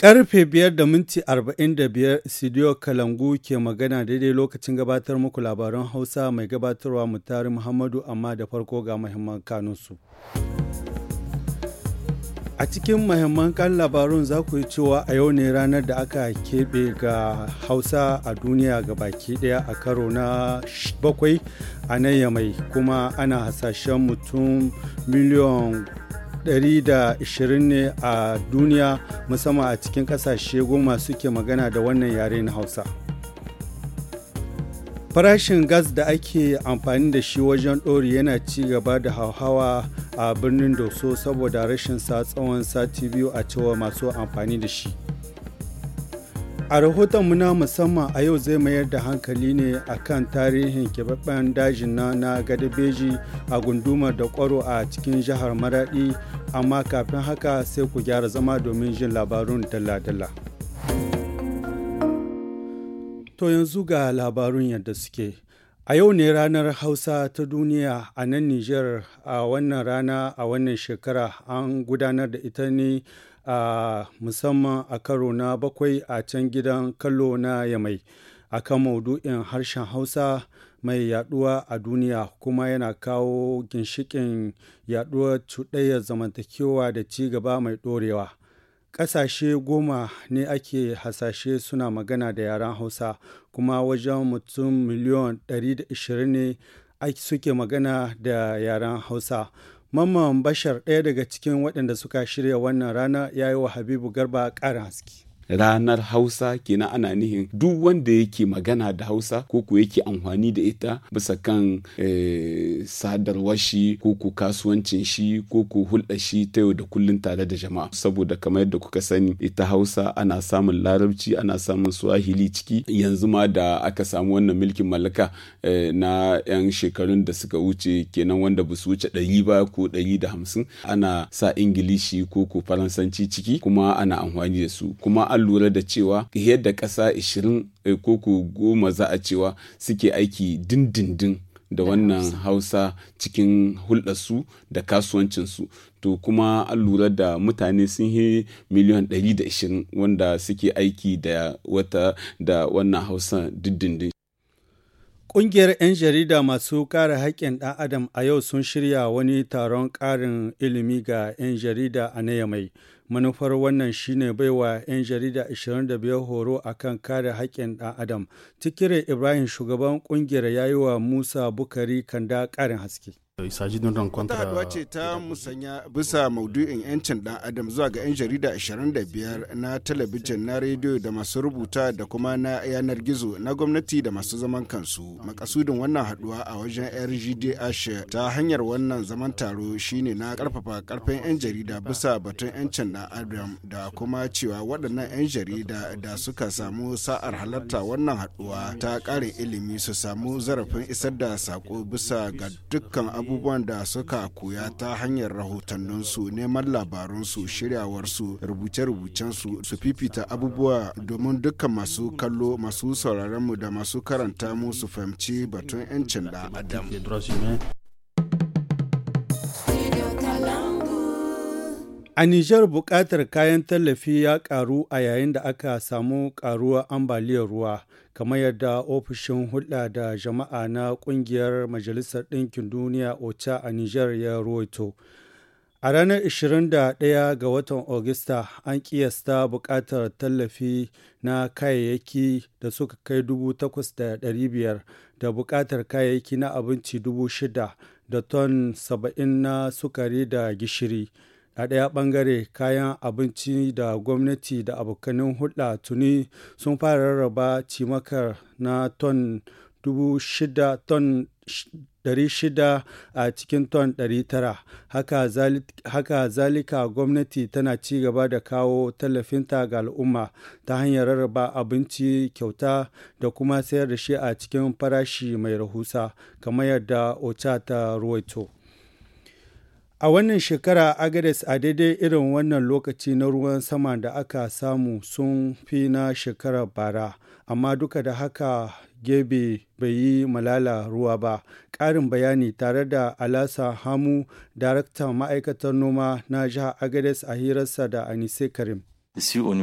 Karfe 5.45 studio Kalangu ke magana daidai lokacin gabatar muku labaran Hausa mai gabatarwa mutari Muhammadu amma da farko ga muhimman kanunsu. A cikin mahimman kan labarun za ku yi cewa a yau ne ranar da aka keɓe ga Hausa a duniya ga baki ɗaya a karo na bakwai a nan yamai kuma ana hasashen mutum miliyan 120 ne a duniya musamman a cikin kasashe goma suke magana da wannan yare na hausa farashin gas da ake amfani da shi wajen ɗori yana ci gaba da hauhawa a birnin doso saboda rashin sa tsawon sati biyu a cewa masu amfani da shi a rahotonmu na musamman a yau zai mayar da hankali ne akan tarihin keɓaɓɓen dajin na na gadabeji a gundumar da kwaro a cikin jihar Maraɗi. amma kafin haka sai ku gyara zama domin jin labarun dalla-dalla. To yanzu ga labarun yadda suke. A yau ne ranar Hausa ta duniya a nan Nijar a wannan rana a wannan shekara an gudanar da ita ne a musamman a karo na bakwai a can gidan kallo na Yamai. A kan maudu'in harshen Hausa mai yaduwa a duniya kuma yana kawo ginshikin yaduwar cuɗayyar zamantakewa da ci gaba mai ɗorewa. Ƙasashe goma ne ake hasashe suna magana da yaren Hausa kuma wajen mutum miliyon 120 ne suke magana da yaren Hausa. Mamman Bashar ɗaya daga cikin waɗanda suka shirya wannan rana ya yi wa Habibu Garba ƙara haske. ranar hausa kenan ana nihin duk wanda yake magana da hausa ko ko yake amfani da ita bisa kan eh, sadarwar shi ko ko kasuwancin shi ko ko hulɗa shi ta yau da kullun tare da jama'a saboda kamar yadda kuka sani ita hausa ana samun larabci ana samun swahili ciki yanzu ma da aka samu wannan mulkin mallaka eh, na 'yan shekarun da suka wuce kenan wanda ba su wuce ɗari ba ko ɗari da hamsin ana sa ingilishi ko ko faransanci ciki kuma ana amfani da su kuma a an lura da cewa yadda ƙasa 20 eh, ko ko goma za a cewa suke aiki dindindin da wannan hausa cikin hulɗarsu da kasuwancinsu to kuma an lura da mutane sun yi miliyan 120 wanda suke aiki da wata da wannan hausa dindindin Ƙungiyar 'yan jarida masu kare haƙƙin ɗan adam a yau sun shirya wani taron ƙarin ilimi ga 'yan jarida a na mai. Manufar wannan shine baiwa 'yan jarida 25 horo akan kare haƙƙin ɗan adam. Tikire Ibrahim shugaban ƙungiyar ya yi wa Musa Bukari Kanda ƙarin haske. haduwa ce ta musanya bisa maudu'in 'yancin dan adam zuwa ga 'yan jarida 25 na talabijin na rediyo da masu rubuta da kuma na yanar gizo na gwamnati da masu zaman kansu. Makasudin wannan haduwa a wajen rgd RGDH ta hanyar wannan zaman taro shine na karfafa karfin 'yan jarida bisa batun 'yancin ɗan adam da kuma cewa waɗannan 'yan jarida da suka samu sa'ar halarta wannan haduwa ta ƙarin ilimi su samu zarafin isar da sako bisa ga dukkan abubuwan da suka koya ta hanyar rahotanninsu neman labarunsu shiryawarsu rubuce-rubucensu su fifita abubuwa domin dukkan masu kallo masu mu da masu karanta mu su fahimci batun 'yancin da A Nijar buƙatar kayan tallafi ya ƙaru a yayin da aka samu ƙaruwar ambaliyar ruwa, kamar yadda ofishin hulɗa da jama'a na ƙungiyar Majalisar Ɗinkin Duniya OCHA a Nijar ya ruwaito. A ranar 21 ga watan Agusta an ƙiyasta buƙatar tallafi na kayayyaki da suka kai 8,500 da buƙatar kayayyaki na abinci 6,000 da ton 70 na sukari da gishiri. a ɗaya ɓangare kayan abinci da gwamnati da abokanin hulɗa tuni sun fara rarraba cimakar na ton 600 a cikin ton 900 haka zalika gwamnati tana ci gaba da kawo tallafinta ga al'umma ta hanyar rarraba abinci kyauta da kuma sayar da shi a cikin farashi mai rahusa kamar yadda ocha ta ruwaito A wannan shekara Agades a daidai irin wannan lokaci na ruwan sama da aka samu sun fi na shekarar bara, amma duka da haka gebe bai yi malala ruwa ba. Ƙarin bayani tare da Alasa Hamu, daraktan ma'aikatar noma na jihar Agades a hirarsa da Anise Karim. su a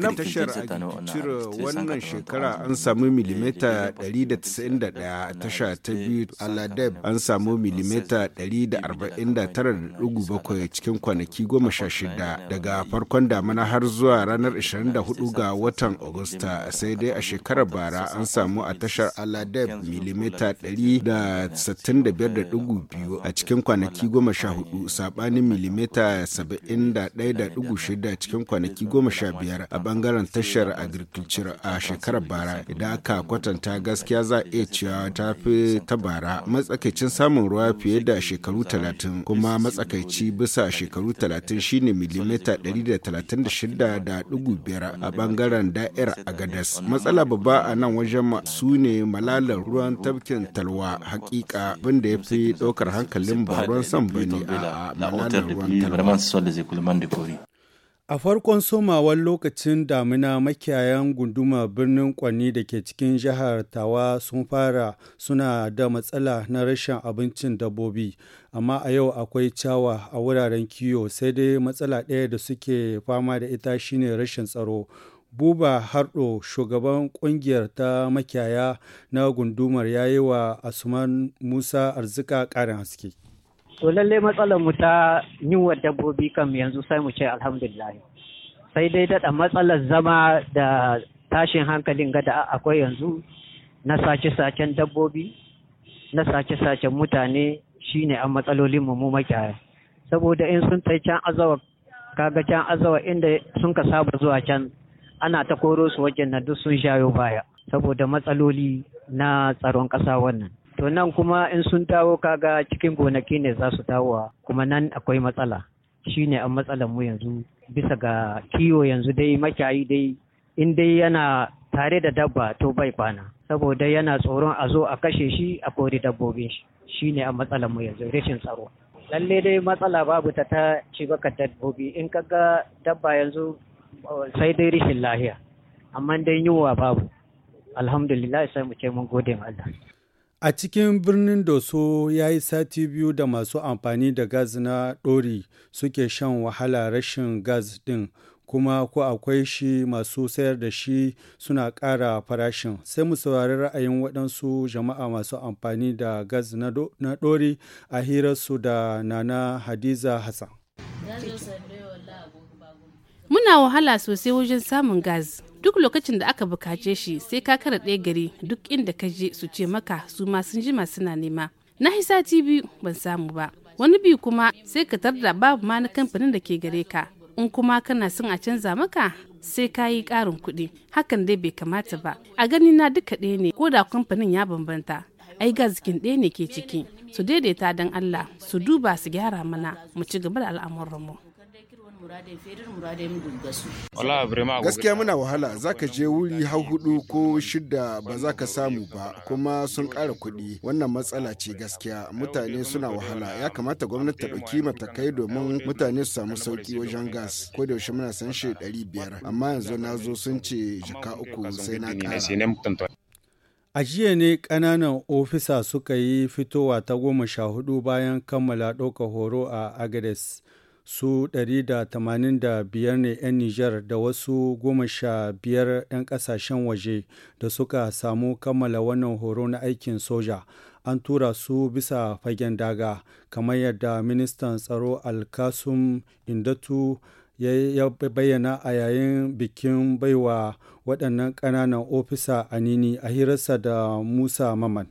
nan tashar agriculture wannan shekara an samu milimeta 191 a tasha ta biyu aladeb an samu milimeta 149.7 cikin kwanaki 16 daga farkon damana har zuwa ranar 24 ga watan agusta sai dai a shekarar bara an samu a tashar aladeb milimeta 165.2 a cikin kwanaki 14 sabanin milimeta 71.6 cikin kwanaki goma sha biyar a bangaren tashar agriculture a shekarar bara idan aka kwatanta gaskiya za iya cewa ta fi ta bara matsakaicin samun ruwa fiye da shekaru talatin kuma matsakaici bisa shekaru talatin shine milimita ɗari da talatin da shida da ɗigo biyar a bangaren da'ir a agadas matsala babba a nan wajen su ne malalar ruwan tafkin talwa hakika abin da ya fi ɗaukar hankalin ba ruwan san bane a malalar ruwan talwa A farkon somawar lokacin damina makiyayan gunduma birnin Kwanni da ke cikin jihar Tawa sun fara suna da matsala na rashin abincin dabbobi, amma a yau akwai cawa a wuraren kiyo, sai dai matsala ɗaya da suke fama da ita shine rashin tsaro. Buba Hardo, shugaban kungiyar ta makiyaya na gundumar ya yi wa Asuman Musa arzika ƙarin haske. To lalle matsalar mu ta yiwa dabbobi kam yanzu sai mu ce alhamdulillah. Sai dai daɗa matsalar zama da tashin hankalin da akwai yanzu na sace-sacen dabbobi, na sace-sacen mutane shine an matsalolin mu mu makiyaya. Saboda in sun tai can azawa kaga can azawa inda sun ka saba zuwa can ana ta koro su wajen na duk sun shayo baya saboda matsaloli na tsaron ƙasa wannan. To nan kuma in sun dawo kaga cikin gonaki ne za su dawowa kuma nan akwai matsala. Shi ne an matsalar mu yanzu bisa ga kiwo yanzu dai makiyayi dai in dai yana tare da dabba to bai kwana. Saboda yana tsoron a zo a kashe shi a kori dabbobin shi. Shi ne an matsalar mu yanzu rashin tsaro. Lalle dai matsala babu ta ta ci baka dabbobi in ka ga dabba yanzu sai dai rashin lahiya. Amma dai yunwa babu. Alhamdulillah sai mu ce mun gode ma Allah. A cikin birnin Doso ya yi sati biyu da masu amfani da gas na ɗori suke shan wahala rashin gas ɗin kuma ko akwai shi masu sayar da shi suna ƙara farashin sai mu saurari ra'ayin waɗansu jama'a masu amfani da gas na ɗori a hirarsu da nana Hadiza Hassan. Muna wahala sosai wajen samun gas. duk lokacin da aka bukace shi sai ka kara ɗaya gari duk inda ka je su ce maka su ma sun jima suna nema na hisa biyu ban samu ba wani biyu kuma sai ka tarda babu ma na kamfanin da ke gare ka in kuma kana son a canza maka sai ka yi ƙarin kuɗi hakan dai bai kamata ba a gani na duka ɗaya ne ko da kamfanin ya bambanta ai gazikin ɗaya ne ke ciki su daidaita dan allah su duba su gyara mana mu ci gaba da al'amuranmu. gaskiya muna wahala za ka je wuri har hudu ko shida ba za ka samu ba kuma sun kara kuɗi wannan matsala ce gaskiya mutane suna wahala ya kamata gwamnati ta ɗauki matakai domin mutane su samu sauki wajen gas ko da yaushe muna san shi 500 amma yanzu na zo sun ce jaka uku sai na A jiya ne kananan ofisa suka yi fitowa ta goma sha hudu bayan kammala ɗaukar horo a Agades. su 185 ne 'yan Nijar da wasu 15 'yan kasashen waje da suka samu kammala wannan horo na aikin soja. An tura su bisa fagen daga, kamar yadda ministan tsaro Alkasum Indatu ya bayyana a yayin bikin baiwa waɗannan ƙananan ofisa a Nini a hirarsa da Musa Maman.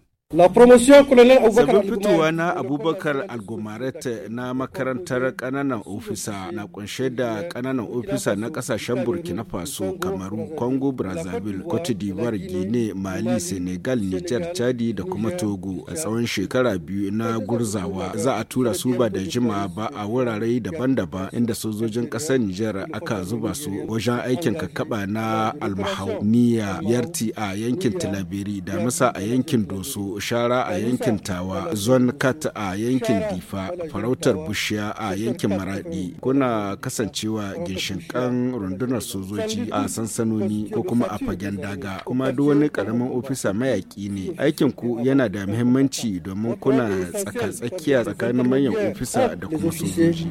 Zabin fitowa na Abubakar Algomaret na makarantar kananan ofisa na kunshe da kananan ofisa na kasashen Burkina Faso, Kamaru, Congo, Brazzaville, Cote d'Ivoire, Guinea, Mali, Senegal, Niger, Chadi da kuma Togo. A tsawon shekara biyu na gurzawa za a tura su ba da jima ba a wurare daban-daban inda sojojin ƙasar Nijar aka zuba su wajen aikin kakaba na Almahau, Niya, Yarti a yankin tilabiri da Masa a yankin Doso shara a yankin tawa zon kat a yankin difa farautar bushiya a yankin maradi kuna kasancewa ginshikan rundunar sojoji a sansanoni ko kuma a fagen daga kuma duk wani karamin ofisa mayaki ne aikin ku yana da muhimmanci domin kuna tsaka-tsakiya tsakanin manyan ofisa da kuma sojoji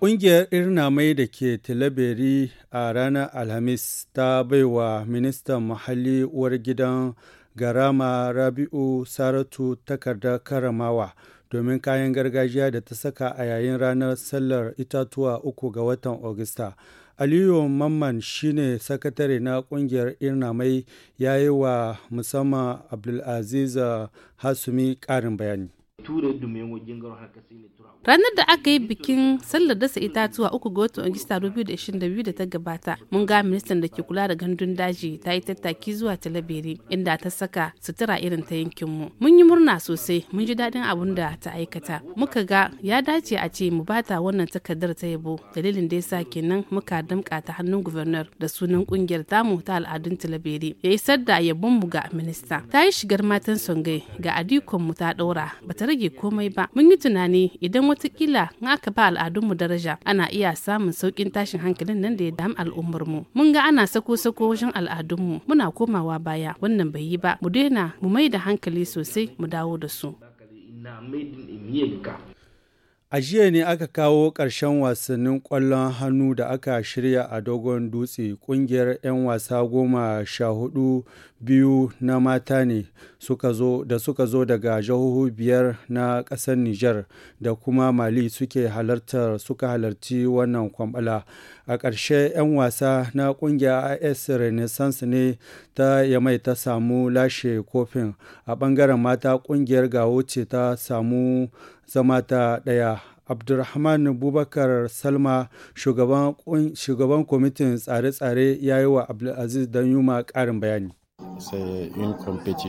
Ƙungiyar Irnamai da ke Tilaberi a ranar Alhamis ta baiwa ministan muhalli uwar gidan Garama Rabi'u Saratu takardar karamawa domin kayan gargajiya da ta saka a yayin ranar sallar itatuwa uku ga watan Agusta. Aliyu Mamman shine sakatare na kungiyar Irnamai ya yi wa musamman Abdulaziz Hasumi ƙarin bayani. Ranar da aka yi bikin sallar dasa itatuwa uku ga watan Agusta 2022 da ta gabata, mun ga ministan da ke kula da gandun daji ta yi tattaki zuwa Talabere inda ta saka sutura irin ta yankinmu. Mun yi murna sosai, mun ji daɗin abun da ta aikata. Muka ga ya dace a ce mu bata wannan takardar ta yabo. Dalilin da yasa kenan muka damƙa ta hannun guvernar da sunan kungiyar tamu ta al'adun Talabere. Ya isar da yabon mu ga minista. Ta yi shigar matan songai ga adikonmu ta ɗaura. ta rage komai ba mun yi tunani idan watakila in aka ba al'adunmu daraja ana iya samun saukin tashin hankalin nan da ya al'ummar mu mun ga ana sako sako wajen al'adunmu muna komawa baya wannan bai yi ba mu daina mu mai da hankali sosai mu dawo da su A jiya ne aka kawo ƙarshen wasannin ƙwallon hannu da aka shirya a dogon dutse ƙungiyar 'yan wasa goma sha hudu biyu na mata ne da suka zo daga jihohi biyar na ƙasar Nijar da kuma Mali suke halartar suka halarci wannan kwambala. A ƙarshe 'yan wasa na ƙungiyar IS Renaissance ne ta Yamai ta samu lashe kofin. A ɓangaren mata ƙungiyar Gawo ce ta samu zama ta ɗaya. abdulrahman bubakar salma shugaban kwamitin tsare-tsare ya yi wa abdulaziz don yuma ƙarin bayani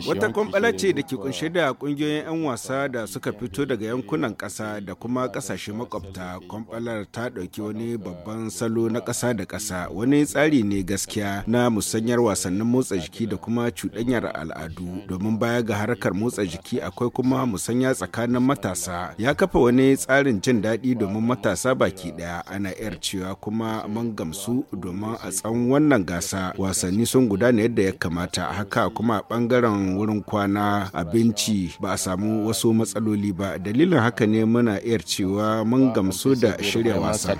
Wata kwamfala ce da ke kunshe da kungiyoyin 'yan wasa da suka fito daga yankunan ƙasa da kuma ƙasashe makwabta. Kwamfalar ta ɗauki wani babban salo na ƙasa da ƙasa. Wani tsari ne gaskiya na musanyar wasannin motsa jiki da kuma cuɗanyar al'adu. Domin baya ga harkar motsa jiki akwai kuma musanya tsakanin matasa. Ya kafa wani tsarin jin daɗi domin matasa baki ɗaya. Ana yar cewa kuma man gamsu domin a tsawon wannan gasa wasanni sun gudana yadda ya kamata. ta haka kuma a bangaren wurin kwana abinci ba a samu wasu matsaloli ba dalilin haka ne muna iya cewa mun gamsu da shirya wasa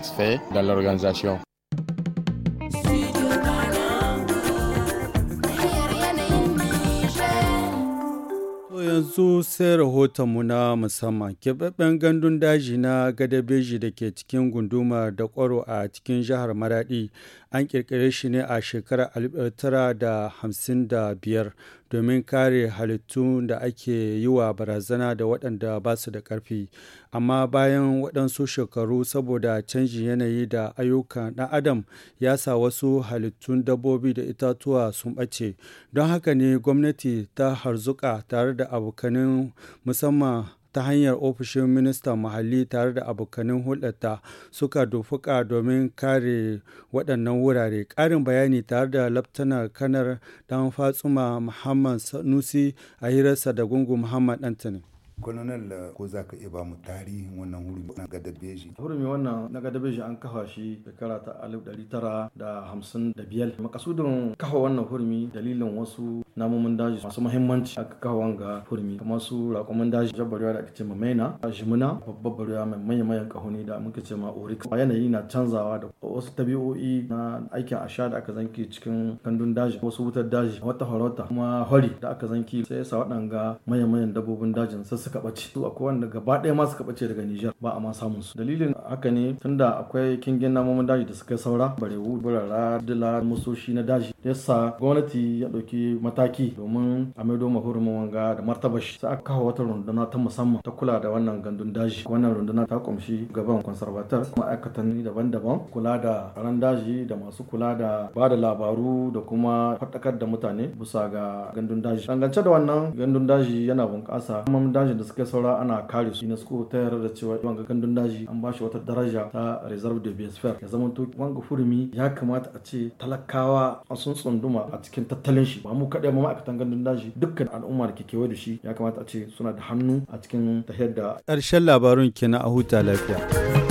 yanzu sai rahotonmu na musamman keɓaɓɓen gandun daji na gadabeji da ke cikin gundumar da kwaro a cikin jihar maraɗi. an ƙirƙire shi ne a shekarar 1955 eh, domin kare halittu da ake yi wa barazana da waɗanda ba su da ƙarfi amma bayan waɗansu shekaru saboda canjin yanayi da ayyukan ɗan adam ya sa wasu halittun dabbobi da itatuwa sun ɓace don haka ne gwamnati ta harzuka tare da abokanin musamman ta hanyar ofishin ministan muhalli tare da abokanin hulɗarta suka dofuka domin kare waɗannan wurare ƙarin bayani tare da laftanar kanar dan fatsuma muhammad sanusi a hirarsa da gungun muhammad antony da eh, ko za ka iya ba mu tarihin wannan hurumi na gadabeji hurumi wannan na gadabeji an kafa shi shekara ta alif ɗari tara da hamsin da biyar makasudin kafa wannan hurumi dalilin wasu namomin daji masu mahimmanci aka kafa wanga hurumi kamar su raƙumin daji jabbarwa da ake ce ma maina jimina babbar barwa mai manya mayan kahoni da muka ce ma oryx yanayi na canzawa da wasu tabi'o'i na aikin asha da aka zanki cikin kandun daji wasu wutar daji wata horota kuma hori da aka zanki sai ya sa waɗanga manya manyan dabbobin dajin sassa suka ɓace to akwai wanda gaba ɗaya ma suka ɓace daga Nijar ba a ma samun su dalilin haka ne tunda akwai kingin namomin daji da suka saura barewu burara dila musoshi na daji yasa gwamnati ya ɗauki mataki domin a maido mahurumin wanga da martabar shi sai aka kawo wata runduna ta musamman ta kula da wannan gandun daji wannan runduna ta kumshi gaban conservator ma'aikatan daban-daban kula da ran daji da masu kula da ba da labaru da kuma faɗakar da mutane bisa ga gandun daji dangance da wannan gandun daji yana bunƙasa kuma daji dajin da suka saura ana kare su UNESCO ta yarda da cewa wanga gandun daji an ba wata daraja ta reserve de biosphere ya zama to wanga furumi ya kamata a ce talakawa sun tsunduma a cikin tattalin shi ba mu kaɗai ba ma'aikatan gandun daji dukkan al'umma da ke kewaye da shi ya kamata a ce suna da hannu a cikin tahiyar da ƙarshen labarun kenan a huta lafiya.